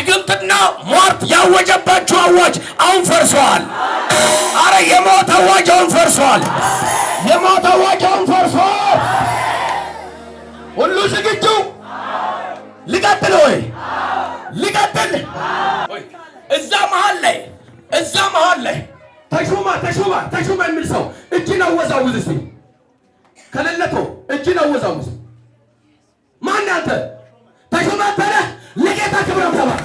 ድግምትና ሟርት ያወጀባችሁ አዋጅ አሁን ፈርሰዋል። አረ የሞት አዋጅ አሁን ፈርሰዋል። የሞት አዋጅ አሁን ፈርሰዋል። ሁሉ ዝግጁ? ልቀጥል ወይ ልቀጥል? እዛ መሀል ላይ እዛ መሀል ላይ ተሹማ ተሹማ ተሹማ የሚል ሰው እጅን አወዛውዝ እስቲ ከሌለቶ እጅን አወዛውዝ ማን አንተ ተሹማ ተለህ ለጌታ ክብር አምታባል።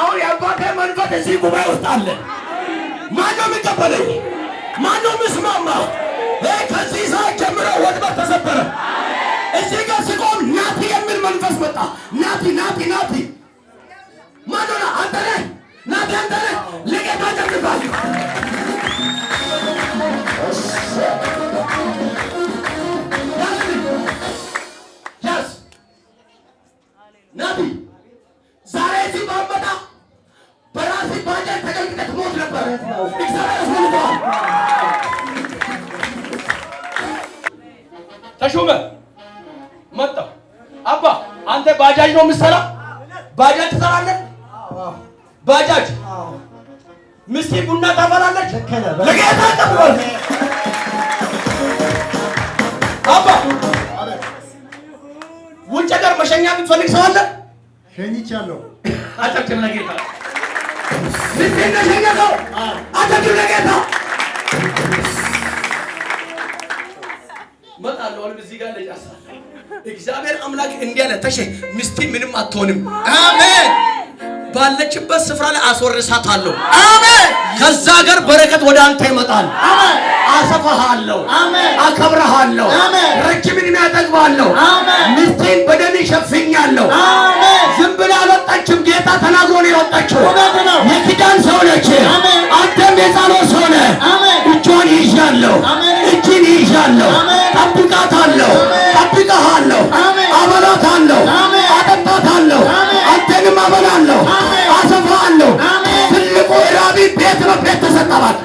አሁን የአባቴ መንፈስ እዚህ ጉባኤ ውስጥ አለ። ማነው የሚቀበለኝ? ማነው ምስማማ? ከዚህ ሰዓት ጀምሮ ወድበር ተሰበረ። እዚህ ጋር ስቆም ናቲ የሚል መንፈስ መጣ። ናቲ ናቲ ናቲ፣ ማነው? አንተ ነህ ናቲ፣ አንተ ነህ ተሾመ መጣ። አባ አንተ ባጃጅ ነው የምትሰራ? ባጃጅ ትሰራለህ? ባጃጅ ምስቲ ቡና ታፈላለች። ለጌታ ቀርቧል። አባ ውጭ ሀገር መሸኛ የምትፈልግ ሰው አለ? ሸኝቻለሁ። አጨብጭብ ለጌታ ልትነሸኘሰው አተቱ ለጌታ እመጣለሁ። አሁንም እዚህ ጋር እግዚአብሔር አምላክ እንዲህ አለ፣ ተሼ ሚስቴ ምንም አትሆንም። አሜን። ባለችበት ስፍራ ላይ አስወርሳታለሁ። አሜን። ከዛ ሀገር በረከት ወደ አንተ ይመጣል። አሜን። አሰፋሃለሁ። አሜን። አከብረሃለሁ። አሜን። ረጅምን የሚያጠግባለሁ። አሜን። ሚስቴን በደም ይሸፍኛለሁ። አሜን። ዝም ብላ አልወጣችም። ጌታ ተናግሮ ነው የወጣችው። ሰው ነች። አንተም የጸሎት ሰው ነህ። እጇን ይዣለሁ፣ እጅን ይዣለሁ፣ ጠብቃታለሁ፣ ጠብቀሃለሁ፣ አበላታለሁ፣ አጠጣታለሁ፣ አንተንም አበላለሁ፣ አሰፋለሁ። ትልቁ ራቢ ቤት ነው። ቤት ተሰጠባል።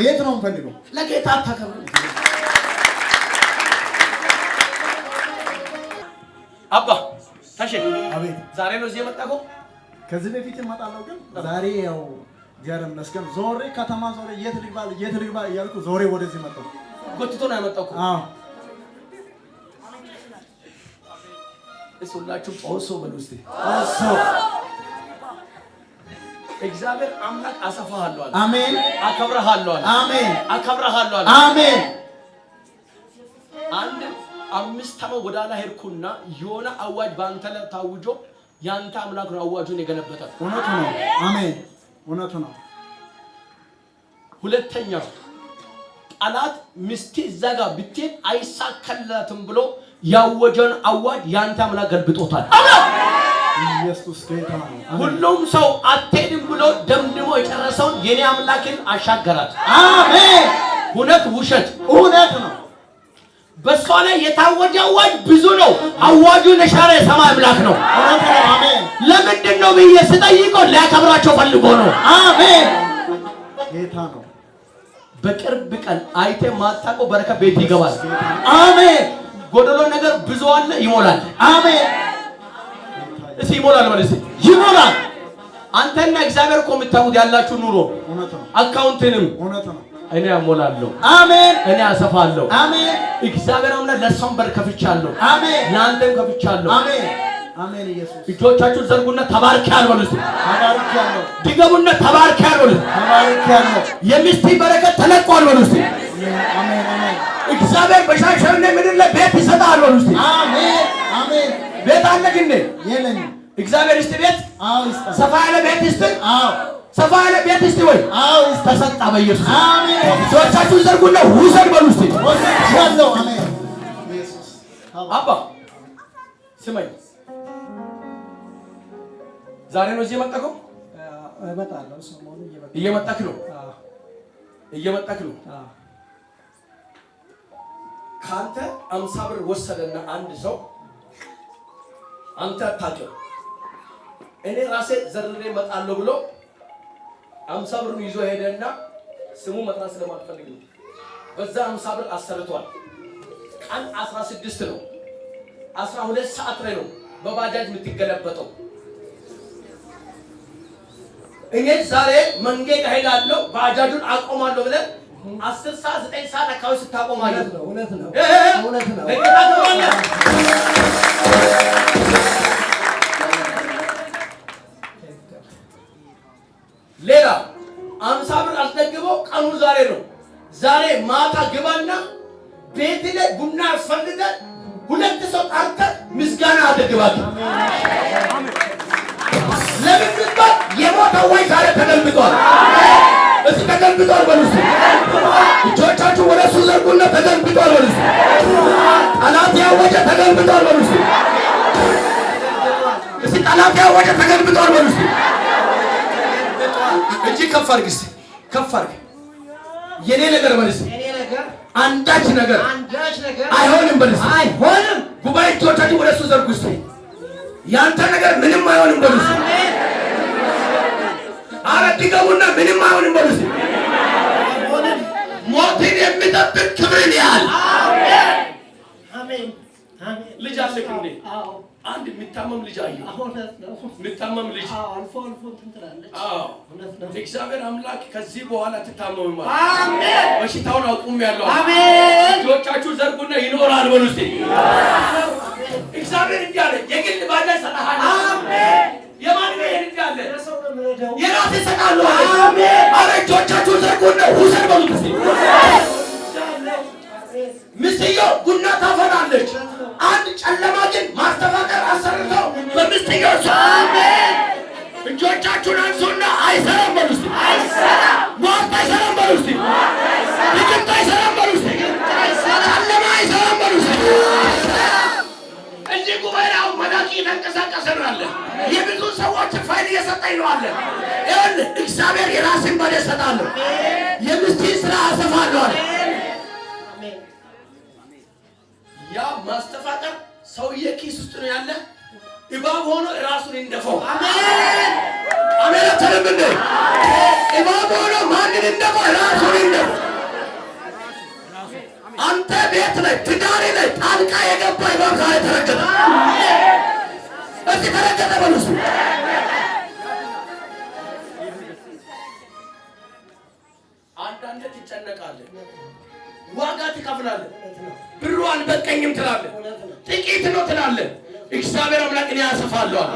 ቤት ነው የምፈልገው። ለጌታ አታከብሩ። አባ ታሸ አቤት፣ ዛሬ ነው እዚህ የመጣከው? ከዚህ በፊት እመጣለሁ፣ ግን ዛሬ ያው ጀርም መስከም ዞሬ ከተማ ዞሬ የት ልግባል የት ልግባል እያልኩ ዞሬ ወደዚህ መጣሁ። ጎትቶ ነው ያመጣኩ። አዎ እሱላችሁ ኦሶ በሉ እስቲ ኦሶ እግዚአብሔር አምላክ አሰፋሃለሁ። አሜን። አከብረሃለሁ። አሜን። አከብረሃለሁ። አሜን። አንድ አምስት ዓመት ወደ ኋላ ሄድኩና የሆነ አዋጅ በአንተ ላይ ታውጆ የአንተ አምላክ ነው አዋጁን የገነበጠው። እውነቱ ነው። አሜን። እውነቱ ነው። ሁለተኛው ጠላት ሚስቴ እዛ ጋር ብትሄድ አይሳካላትም ብሎ ያወጀን አዋጅ የአንተ አምላክ ገልብጦታል። ሁሉም ሰው አትሄድም ብሎ ደምድሞ የጨረሰውን የኔ አምላክን አሻገራት። አሜን። እውነት ውሸት እውነት ነው። በእሷ ላይ የታወጀ አዋጅ ብዙ ነው። አዋጁን የሻረ የሰማይ አምላክ ነው። ለምንድን ነው ብዬ ስጠይቀው ሊያከብራቸው ፈልጎ ነው። አሜን ጌታ ነው። በቅርብ ቀን አይቴ ማታቆ በረከት ቤት ይገባል። አሜን ጎደሎ ነገር ብዙ አለ፣ ይሞላል። አሜን እሺ፣ ይሞላል ማለት እሺ፣ ይሞላል። አንተና እግዚአብሔር እኮ የምታውቁት ያላችሁ ኑሮ አካውንትንም እኔ አሞላለሁ። አሜን። እኔ አሰፋለሁ። አሜን። እግዚአብሔር አምላክ ለእሷም በር ከፍቻለሁ። አሜን። ለአንተም ከፍቻለሁ። አሜን። አሜን። ኢየሱስ እጆቻችሁን ዘርጉና ተባርኬያለሁ ልሱ ተባርኬያለሁ። ድገሙና ተባርኬያለሁ ልሱ ተባርኬያለሁ። የሚስት በረከት ተለቋል በሉ አሜን። አሜን። እግዚአብሔር በሻሸመኔ ምድር ላይ ቤት ይሰጣል በሉ አሜን። አሜን። ቤት አለህ እንዴ? የለኝም። እግዚአብሔር እስቲ ቤት አዎ፣ ሰፋ ያለ ቤት ይስጥ። አዎ ሰፋ ያለ ቤት እስቲ ወይ አዎ ተሰጣ። በኢየሱስ አሜን። ሰዎቻችሁን ዘርጉና ውሰድ በሉ እስቲ ያለው አባ ስማኝ፣ ዛሬ ነው እዚህ የመጣከው? እመጣለሁ። ሰሞኑን እየመጣክ ነው እየመጣክ ነው። ከአንተ አምሳ ብር ወሰደና አንድ ሰው አንተ አታውቅም እኔ ራሴ ዘርሬ እመጣለሁ ብሎ አምሳ ብሩን ይዞ ሄደና ስሙ መጥራት ስለማልፈልግ ነው። በዛ አምሳ ብር አሰርቷል። ቀን 16 ነው፣ 12 ሰዓት ላይ ነው በባጃጅ የምትገለበጠው። እኔ ዛሬ መንገድ እሄዳለሁ ባጃጁን አቆማለሁ ብለህ አስር ሰዓት ዘጠኝ ሰዓት አካባቢ ስታቆማለህ እውነት ነው። ሌላ አምሳ ብር አስደግበው ቀኑ ዛሬ ነው። ዛሬ ማታ ግባና ቤት ላይ ቡና አስፈልገ ሁለት ሰው ጠርተን ምስጋና አደግባት። ለምን ሲባል የሞተው ወይ ዛሬ ተገልብጧል። እሱ ተገልብጧል በሉስ እስኪ እጆቻችሁ ወደ እሱ ዘርጉና ተገልብጧል በሉስ እስኪ ጠላት ያወጀ ተገልብጧል በሉስ እስኪ እስኪ ጠላት ያወጀ ተገልብጧል በሉስ እጅ ከፍ አድርግ፣ እስኪ ከፍ አድርግ። የኔ ነገር በል እስኪ አንዳች ነገር አይሆንም በል አይሆንም። ጉባኤ እጆቻችሁ ወደ እሱ ዘርጉ እስኪ። ያንተ ነገር ምንም አይሆንም በል እስኪ። ኧረ ምንም አይሆንም በል ሞትን የሚጠብቅ ክብርን ያህል ልጅ አለክ እንዴ? አንድ የሚታመም ልጅ አየሁ። የሚታመም ልጅ አልፎ አልፎ እንትን ትላለች። እግዚአብሔር አምላክ ከዚህ በኋላ ትታመም ማለት አሜን። በሽታውን አቁም ያለው አሜን። ልጆቻችሁ ዘርጉና ይኖራል በሉ እስቲ። እግዚአብሔር እንዲህ አለ፣ የግል ባለ ሰጣሃል። አሜን። የማን ነው ይሄን እንዲህ አለ፣ የራሴ ሰጣለሁ። አሜን። አረ ልጆቻችሁ ዘርጉና ውሰድ በሉ እስቲ። ምስዮ ጉድ አይሰራም በሉ እስቲ። ሞት አይሰራም በሉ እስቲ። ይቅርታ አይሰራም በሉ እስቲ። ጨለማ አይሰራም በሉ እስቲ። እዚህ ጉባኤ አሁን መናቂ የተንቀሳቀሰ ነው አለ። የብዙ ሰዎች ፋይል እየሰጠኝ ነው አለ። ይኸውልህ እግዚአብሔር የራስን በሬ እሰጣለሁ፣ የሚስትህን ስራ አሰፋለሁ አለ። ያ ማስተፋቀር ሰውዬ ኪስ ውስጥ ነው ያለ እባብ ሆኖ ራሱን እንደፈው አሜን አሜናተንም እንደ ኢማም ሆኖ ማንን እንደሞ ራሱን እንደሞ አንተ ቤት ላይ ትዳሪ ላይ ጣልቃ የገባ ኢማም ዛሬ ተረገጠ። እስቲ ተረገጠ በሉሱ አንዳንድ ትጨነቃለህ፣ ዋጋ ትከፍላለህ፣ ብሩ አልበቀኝም ትላለህ፣ ጥቂት ነው ትላለህ። እግዚአብሔር አምላክ እኔ ያሰፋለዋል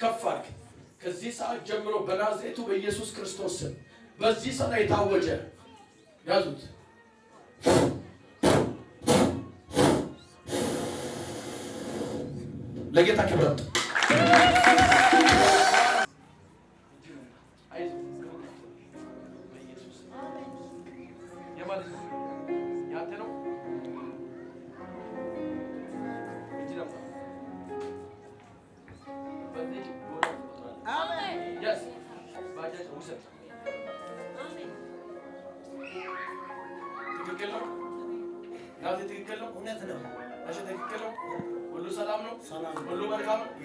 ከፍ አድርግ። ከዚህ ሰዓት ጀምሮ በናዝሬቱ በኢየሱስ ክርስቶስ ስም በዚህ ሰዓት የታወጀ ያዙት ለጌታ ክብረት Yes. ትክክል ነው። ትክክል ነው። እውነት ነው። ትክክል ነው። ሁሉ ሰላም ነው። ሁሉ መልካም ነው።